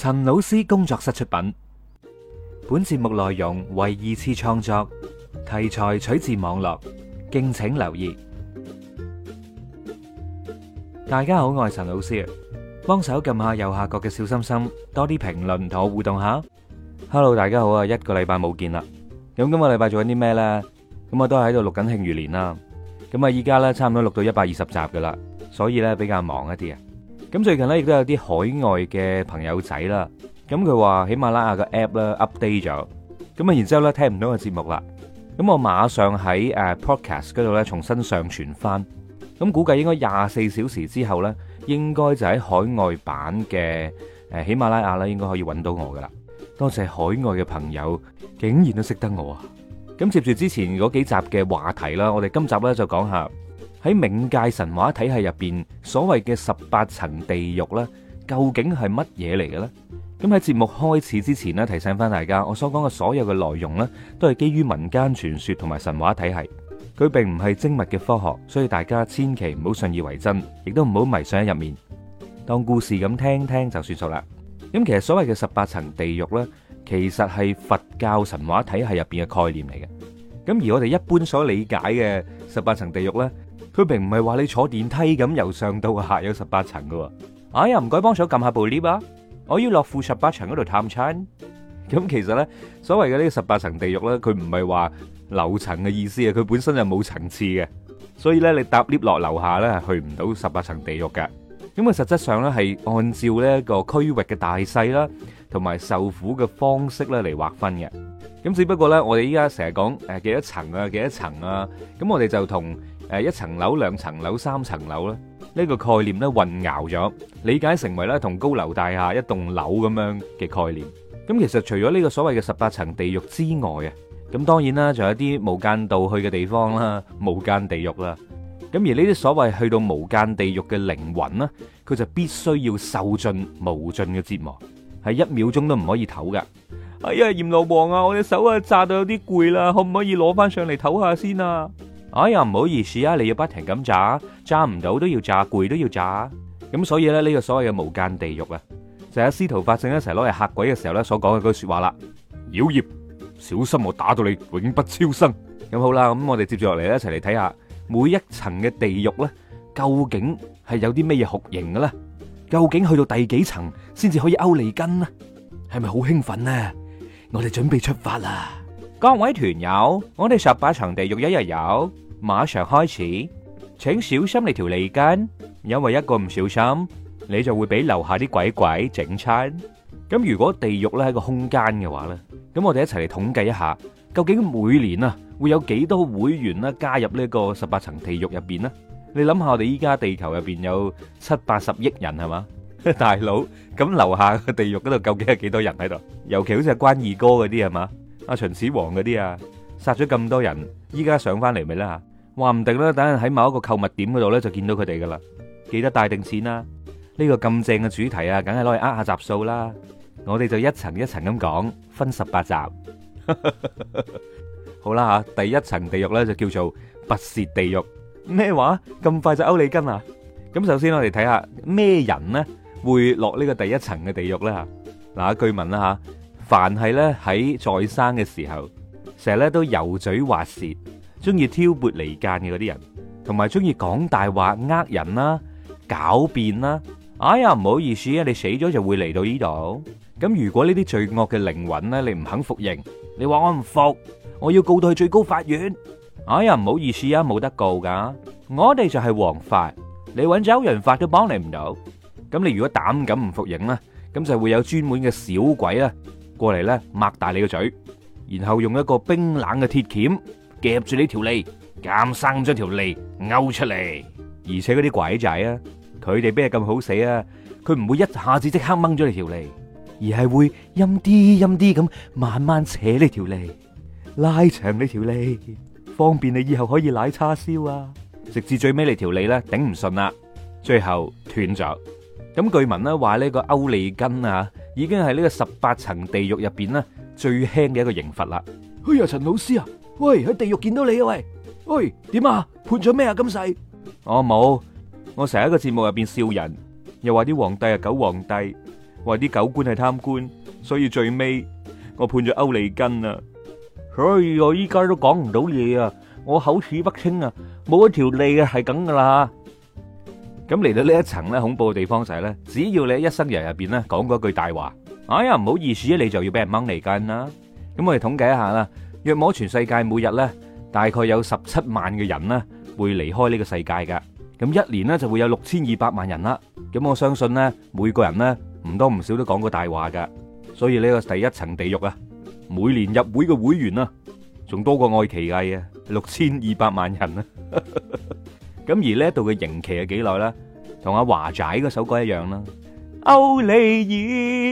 陳老師工作室出品，本節目內容為二次創作，題材取自網絡，敬請留意。大家好，我係陳老師，幫手撳下右下角嘅小心心，多啲評論同我互動下。Hello，大家好啊，一個禮拜冇見啦，咁今個禮拜做緊啲咩呢？咁我都係喺度錄緊《慶餘年》啦，咁啊依家呢差唔多錄到一百二十集噶啦，所以呢比較忙一啲啊。咁最近咧，亦都有啲海外嘅朋友仔啦。咁佢話喜馬拉雅個 app 咧 update 咗，咁啊，然之後咧聽唔到個節目啦。咁我馬上喺誒 podcast 嗰度咧重新上傳翻。咁估計應該廿四小時之後咧，應該就喺海外版嘅誒喜馬拉雅咧，應該可以搵到我噶啦。多謝海外嘅朋友，竟然都識得我啊！咁接住之前嗰幾集嘅話題啦，我哋今集咧就講下。喺冥界神話體系入邊，所謂嘅十八層地獄呢，究竟係乜嘢嚟嘅呢？咁喺節目開始之前呢，提醒翻大家，我所講嘅所有嘅內容呢，都係基於民間傳說同埋神話體系，佢並唔係精密嘅科學，所以大家千祈唔好信以為真，亦都唔好迷信喺入面，當故事咁聽聽就算數啦。咁其實所謂嘅十八層地獄呢，其實係佛教神話體系入邊嘅概念嚟嘅。咁而我哋一般所理解嘅十八層地獄呢。佢並唔係話你坐電梯咁由上到下有十八層嘅喎，哎呀，唔該幫手撳下部 lift 啊！我要落負十八層嗰度探餐。咁其實呢，所謂嘅呢十八層地獄呢，佢唔係話樓層嘅意思啊，佢本身就冇層次嘅，所以呢，你搭 lift 落樓下呢，係去唔到十八層地獄嘅。咁啊，實質上呢，係按照呢一個區域嘅大細啦，同埋受苦嘅方式呢嚟劃分嘅。咁只不過呢，我哋依家成日講誒幾多層啊，幾多層啊，咁、啊、我哋就同。誒，一層樓、兩層樓、三層樓咧，呢個概念咧混淆咗，理解成為咧同高樓大廈一棟樓咁樣嘅概念。咁其實除咗呢個所謂嘅十八層地獄之外啊，咁當然啦，仲有啲無間道去嘅地方啦，無間地獄啦。咁而呢啲所謂去到無間地獄嘅靈魂呢，佢就必須要受盡無盡嘅折磨，係一秒鐘都唔可以唞噶。哎呀，閻羅王啊，我隻手啊扎到有啲攰啦，可唔可以攞翻上嚟唞下先啊？哎呀，唔好意思啊！你要不停咁炸，炸唔到都要炸，攰都要炸。咁所以咧，呢、這個所謂嘅無間地獄啊，就係、是、司徒法正一齊攞嚟吓鬼嘅時候咧所講嘅句說話啦。妖孽，小心我打到你永不超生。咁好啦，咁我哋接住落嚟一齊嚟睇下每一層嘅地獄咧，究竟係有啲咩嘢酷刑嘅咧？究竟去到第幾層先至可以歐利根啊？係咪好興奮呢？我哋準備出發啦！各位團友，我哋十八層地獄一日遊，馬上開始，請小心你條脷根，因為一個唔小心，你就會俾樓下啲鬼鬼整親。咁如果地獄咧係個空間嘅話咧，咁我哋一齊嚟統計一下，究竟每年啊會有幾多會員啦加入呢個十八層地獄入邊呢？你諗下我哋依家地球入邊有七八十億人係嘛，大佬，咁樓下個地獄嗰度究竟係幾多人喺度？尤其好似關二哥嗰啲係嘛？阿、啊、秦始皇嗰啲啊，殺咗咁多人，依家上翻嚟未啦吓，話唔定咧，等喺某一個購物點嗰度咧就見到佢哋噶啦。記得帶定錢啦、啊，呢、這個咁正嘅主題啊，梗係攞嚟呃下集數啦。我哋就一層一層咁講，分十八集。 好啦、啊、吓，第一層地獄咧就叫做拔舌地獄。咩話咁快就歐里根啊？咁首先我哋睇下咩人咧會落呢個第一層嘅地獄啦。嗱、啊，據聞啦吓。凡係咧喺在生嘅時候，成日咧都油嘴滑舌，中意挑撥離間嘅嗰啲人，同埋中意講大話、呃人啦、狡辯啦。哎呀，唔好意思啊，你死咗就會嚟到呢度。咁如果呢啲罪惡嘅靈魂咧，你唔肯服刑，你話我唔服，我要告到去最高法院。哎呀，唔好意思啊，冇得告噶。我哋就係王法，你揾周潤發都幫你唔到。咁你如果膽敢唔服刑啦，咁就會有專門嘅小鬼啦。過嚟咧，擘大你個嘴，然後用一個冰冷嘅鐵鉗夾住你條脷，咁生咁將條脷勾出嚟。而且嗰啲鬼仔啊，佢哋邊係咁好死啊？佢唔會一下子即刻掹咗你條脷，而係會陰啲陰啲咁，慢慢扯你條脷，拉長你條脷，方便你以後可以舐叉燒啊！直至最尾你條脷咧頂唔順啦，最後斷咗。咁據聞咧話呢個勾脷根啊。已經係呢個十八層地獄入邊咧最輕嘅一個刑罰啦！哎呀，陳老師啊，喂，喺地獄見到你啊，喂喂，點啊？判咗咩啊今世？我冇，我成日一個節目入邊笑人，又話啲皇帝係狗皇帝，話啲狗官係貪官，所以最尾我判咗歐利根啊！所以我依家都講唔到嘢啊，我口齒不清啊，冇咗條脷啊，係咁噶啦。咁嚟到呢一層咧，恐怖嘅地方就係咧，只要你喺一生人入邊咧講嗰句大話，哎呀唔好意思，你就要俾人掹脷根啦。咁我哋統計一下啦，約莫全世界每日咧，大概有十七萬嘅人咧會離開呢個世界噶。咁一年咧就會有六千二百萬人啦。咁我相信咧，每個人咧唔多唔少都講過大話噶。所以呢個第一層地獄啊，每年入會嘅會員啊，仲多過愛奇藝啊，六千二百萬人啊。咁而呢一度嘅刑期係幾耐咧？同阿華仔嗰首歌一樣啦。歐你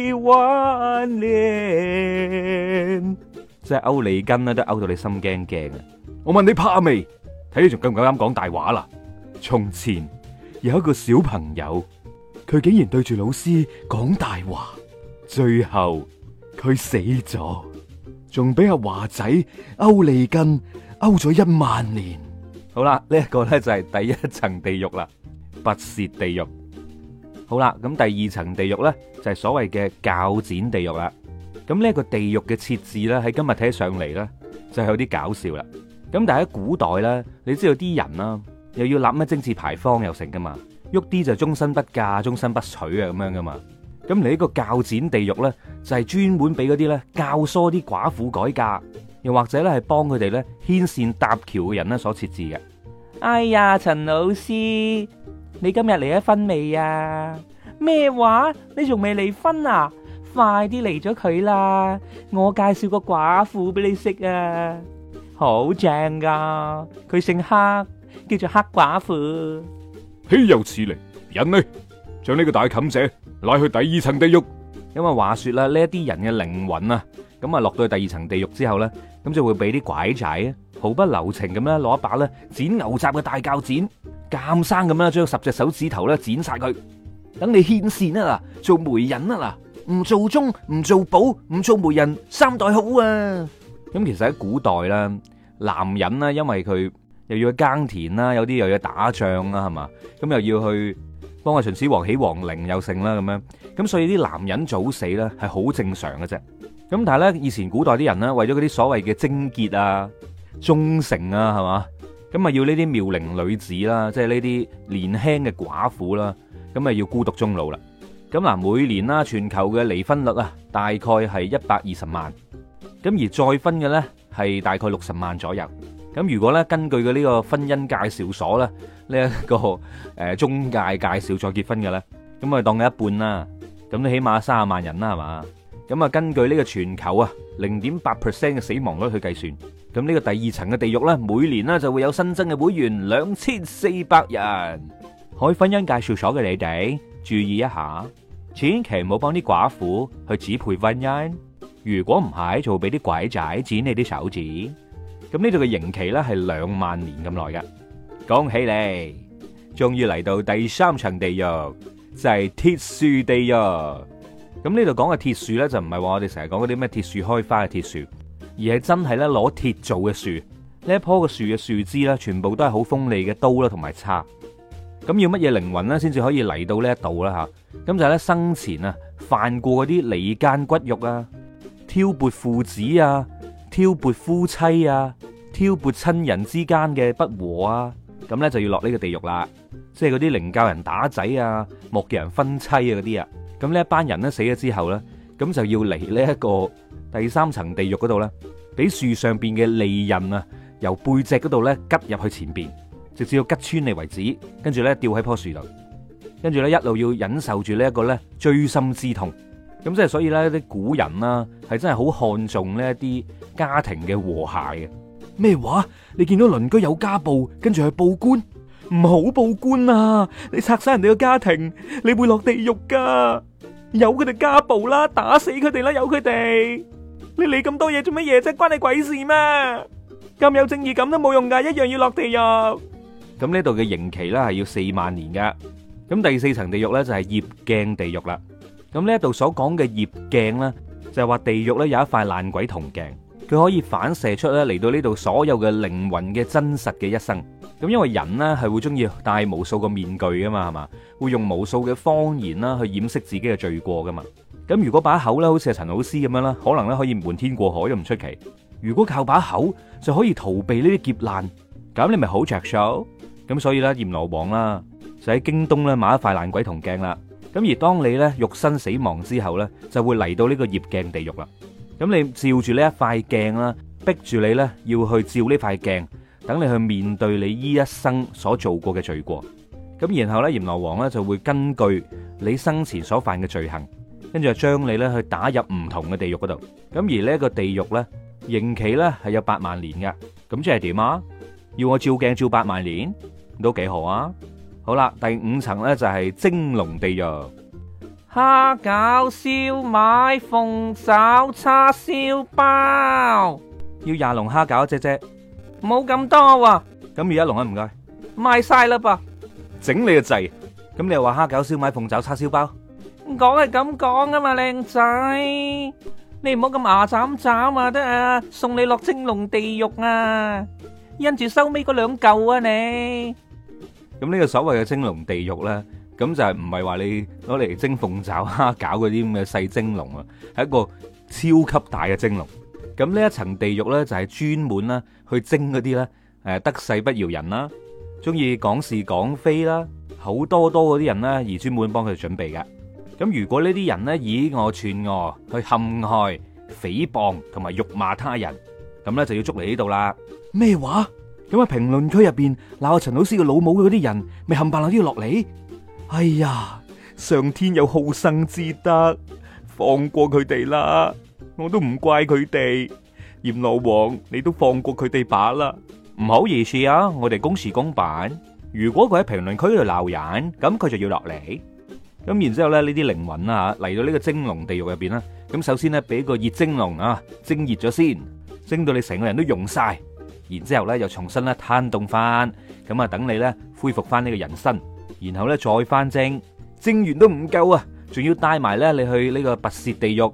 一萬年，即係歐利根啦，都歐到你心驚驚。我問你怕未？睇你仲夠唔夠膽講大話啦？從前有一個小朋友，佢竟然對住老師講大話，最後佢死咗，仲俾阿華仔歐利根歐咗一萬年。好啦，呢一個咧就係第一層地獄啦，拔舌地獄。好啦，咁第二層地獄咧就係所謂嘅剪刀地獄啦。咁呢一個地獄嘅設置咧喺今日睇起上嚟，咧就係有啲搞笑啦。咁但係喺古代咧，你知道啲人啦又要立咩貞節牌坊又成噶嘛，喐啲就終身不嫁，終身不娶啊咁樣噶嘛。咁你呢個剪刀地獄咧就係專門俾嗰啲咧教唆啲寡婦改嫁。又或者咧，係幫佢哋咧牽線搭橋嘅人咧所設置嘅。哎呀，陳老師，你今日離咗婚未啊？咩話？你仲未離婚啊？快啲離咗佢啦！我介紹個寡婦俾你識啊，好正㗎。佢姓黑，叫做黑寡婦。豈有此理！人呢？將呢個大冚者拉去第二層地獄，因為話說啦，呢一啲人嘅靈魂啊。咁啊，落到去第二層地獄之後咧，咁就會俾啲拐仔啊，毫不留情咁啦，攞一把咧剪牛雜嘅大鉸剪，監生咁啦，將十隻手指頭咧剪晒佢，等你牽線啊啦，做媒人啊啦，唔做忠，唔做寶，唔做媒人三代好啊！咁其實喺古代啦，男人啦，因為佢又要耕田啦，有啲又要打仗啦，係嘛，咁又要去幫阿秦始皇起皇陵又剩啦，咁樣，咁所以啲男人早死咧係好正常嘅啫。咁但係咧，以前古代啲人咧，為咗嗰啲所謂嘅貞潔啊、忠誠啊，係嘛，咁啊要呢啲妙齡女子啦，即係呢啲年輕嘅寡婦啦，咁啊要孤獨終老啦。咁嗱，每年啦，全球嘅離婚率啊，大概係一百二十萬，咁而再婚嘅咧，係大概六十萬左右。咁如果咧，根據嘅呢個婚姻介紹所咧，呢一個誒中介介紹再結婚嘅咧，咁啊當佢一半啦，咁你起碼三十萬人啦，係嘛。咁啊，根據呢個全球啊零點八 percent 嘅死亡率去計算，咁呢個第二層嘅地獄咧，每年咧就會有新增嘅會員兩千四百人。開婚姻介紹所嘅你哋注意一下，千祈唔好幫啲寡婦去指配婚姻，如果唔係就俾啲鬼仔剪你啲手指。咁呢度嘅刑期咧係兩萬年咁耐㗎。恭喜你，終於嚟到第三層地獄就係鐵樹地獄。咁呢度講嘅鐵樹咧，就唔係話我哋成日講嗰啲咩鐵樹開花嘅鐵樹，而係真係咧攞鐵做嘅樹。呢一棵嘅樹嘅樹枝咧，全部都係好鋒利嘅刀啦，同埋叉。咁要乜嘢靈魂咧，先至可以嚟到呢一度啦吓？咁就係咧，生前啊，犯過嗰啲離間骨肉啊、挑撥父子啊、挑撥夫妻啊、挑撥親人之間嘅不和啊，咁咧就要落呢個地獄啦。即係嗰啲寧教人打仔啊、莫教人分妻啊嗰啲啊。咁呢一班人咧，死咗之後咧，咁就要嚟呢一個第三層地獄嗰度咧，俾樹上邊嘅利刃啊，由背脊嗰度咧吉入去前邊，直至到吉穿嚟為止，跟住咧吊喺樖樹度，跟住咧一路要忍受住呢一個咧錐心之痛。咁即係所以咧，啲古人啦，係真係好看重呢一啲家庭嘅和諧嘅。咩話？你見到鄰居有家暴，跟住去報官？唔好報官啊！你拆散人哋個家庭，你會落地獄噶。有佢哋家暴啦，打死佢哋啦，有佢哋。你理咁多嘢做乜嘢啫？關你鬼事咩？咁有正義感都冇用噶，一樣要落地獄。咁呢度嘅刑期啦係要四萬年噶。咁第四層地獄咧就係業鏡地獄啦。咁呢一度所講嘅業鏡咧就係話地獄咧有一塊爛鬼銅鏡。佢可以反射出咧嚟到呢度所有嘅靈魂嘅真實嘅一生，咁因為人呢係會中意戴無數個面具噶嘛，係咪？會用無數嘅謊言啦去掩飾自己嘅罪過噶嘛。咁如果把口咧好似係陳老師咁樣啦，可能咧可以瞞天過海又唔出奇。如果靠把口就可以逃避呢啲劫難，咁你咪好着數。咁所以咧閻羅王啦，就喺京東咧買一塊爛鬼銅鏡啦。咁而當你咧肉身死亡之後咧，就會嚟到呢個孽鏡地獄啦。咁你照住呢一塊鏡啦，逼住你咧要去照呢塊鏡，等你去面對你依一生所做過嘅罪過。咁然後咧，閻羅王咧就會根據你生前所犯嘅罪行，跟住就將你咧去打入唔同嘅地獄嗰度。咁而呢一個地獄咧，刑期咧係有八萬年嘅。咁即係點啊？要我照鏡照八萬年，都幾好啊！好啦，第五層咧就係蒸籠地獄。蝦餃、燒賣、鳳爪、叉燒包，要廿龍蝦餃姐姐，唔好咁多喎、啊。咁二一龍啊，唔該，賣晒啦噃。整你個制，咁你又話蝦餃、燒賣、鳳爪、叉燒包，講係咁講啊嘛，靚仔，你唔好咁牙斬斬啊，得啊，送你落蒸籠地獄啊！因住收尾嗰兩嚿啊你，咁呢個所謂嘅蒸籠地獄咧？咁就係唔係話你攞嚟蒸鳳爪蝦，搞嗰啲咁嘅細蒸籠啊？係一個超級大嘅蒸籠。咁呢一層地獄咧，就係專門咧去蒸嗰啲咧誒得勢不饒人啦，中意講是講非啦，好多多嗰啲人咧而專門幫佢哋準備嘅。咁如果呢啲人咧以惡串惡，去陷害、誹謗同埋辱罵他人，咁咧就要捉嚟呢度啦。咩話？咁喺評論區入邊鬧阿陳老師嘅老母嘅嗰啲人，咪冚唪唥都要落嚟？哎呀，上天有好生之德，放過佢哋啦！我都唔怪佢哋，閻羅王你都放過佢哋吧啦！唔好意思啊，我哋公事公辦。如果佢喺評論區度鬧人，咁佢就要落嚟。咁然之後咧，呢啲靈魂啊嚟到呢個蒸籠地獄入邊啦。咁首先咧，俾個熱蒸籠啊蒸熱咗先，蒸到你成個人都溶晒。然之後咧，又重新咧攤凍翻，咁啊等你咧恢復翻呢個人身。然後咧再翻蒸，蒸完都唔夠啊！仲要帶埋咧你去呢個拔舌地獄，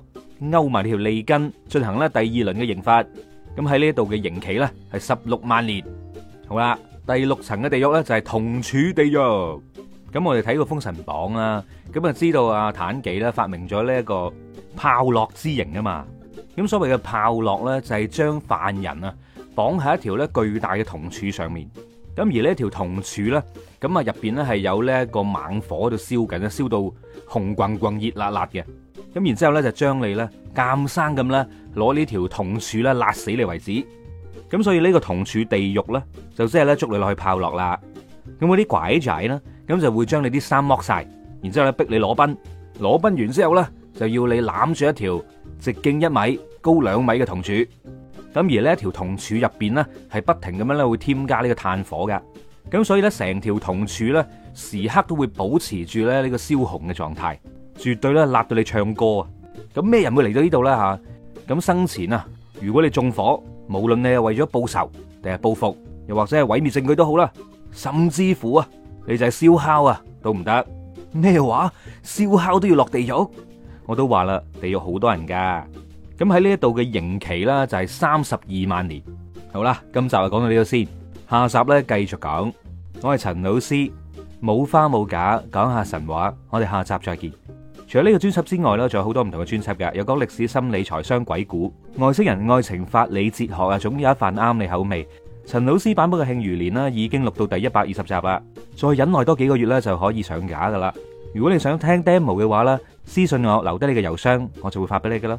勾埋條脷根，進行咧第二輪嘅刑罰。咁喺呢一度嘅刑期咧係十六萬年。好啦，第六層嘅地獄咧就係銅柱地獄。咁我哋睇個封神榜啊，咁啊知道阿妲己啦發明咗呢一個炮烙之刑啊嘛。咁所謂嘅炮烙咧就係將犯人啊綁喺一條咧巨大嘅銅柱上面。咁而呢一條銅柱咧，咁啊入邊咧係有呢一個猛火喺度燒緊咧，燒到紅滾滾、熱辣辣嘅。咁然之後咧就將你咧監生咁咧攞呢條銅柱咧焫死你為止。咁所以呢個銅柱地獄咧就即係咧捉你落去炮烙啦。咁嗰啲拐仔咧，咁就會將你啲衫剝晒，然之後咧逼你裸奔。裸奔完之後咧就要你攬住一條直徑一米、高兩米嘅銅柱。咁而呢條銅柱入面呢，係不停咁樣咧會添加呢個炭火嘅，咁所以呢，成條銅柱呢，時刻都會保持住咧呢個燒紅嘅狀態，絕對咧辣到你唱歌啊！咁咩人會嚟到呢度呢？嚇？咁生前啊，如果你縱火，無論你係為咗報仇定係報復，又或者係毀滅證據都好啦，甚至乎啊，你就係燒烤啊都唔得咩話？燒烤都要落地獄，我都話啦，地獄好多人噶。咁喺呢一度嘅刑期啦，就係三十二萬年。好啦，今集就講到呢度先，下集咧繼續講。我係陳老師，冇花冇假講下神話。我哋下集再見。除咗呢個專輯之外呢，仲有好多唔同嘅專輯㗎，有講歷史、心理、財商、鬼故、外星人、愛情、法理、哲學啊，總有一份啱你口味。陳老師版本嘅《慶餘年》啦，已經錄到第一百二十集啦，再忍耐多幾個月呢，就可以上架噶啦。如果你想聽 demo 嘅話呢，私信我留低你嘅郵箱，我就會發俾你噶啦。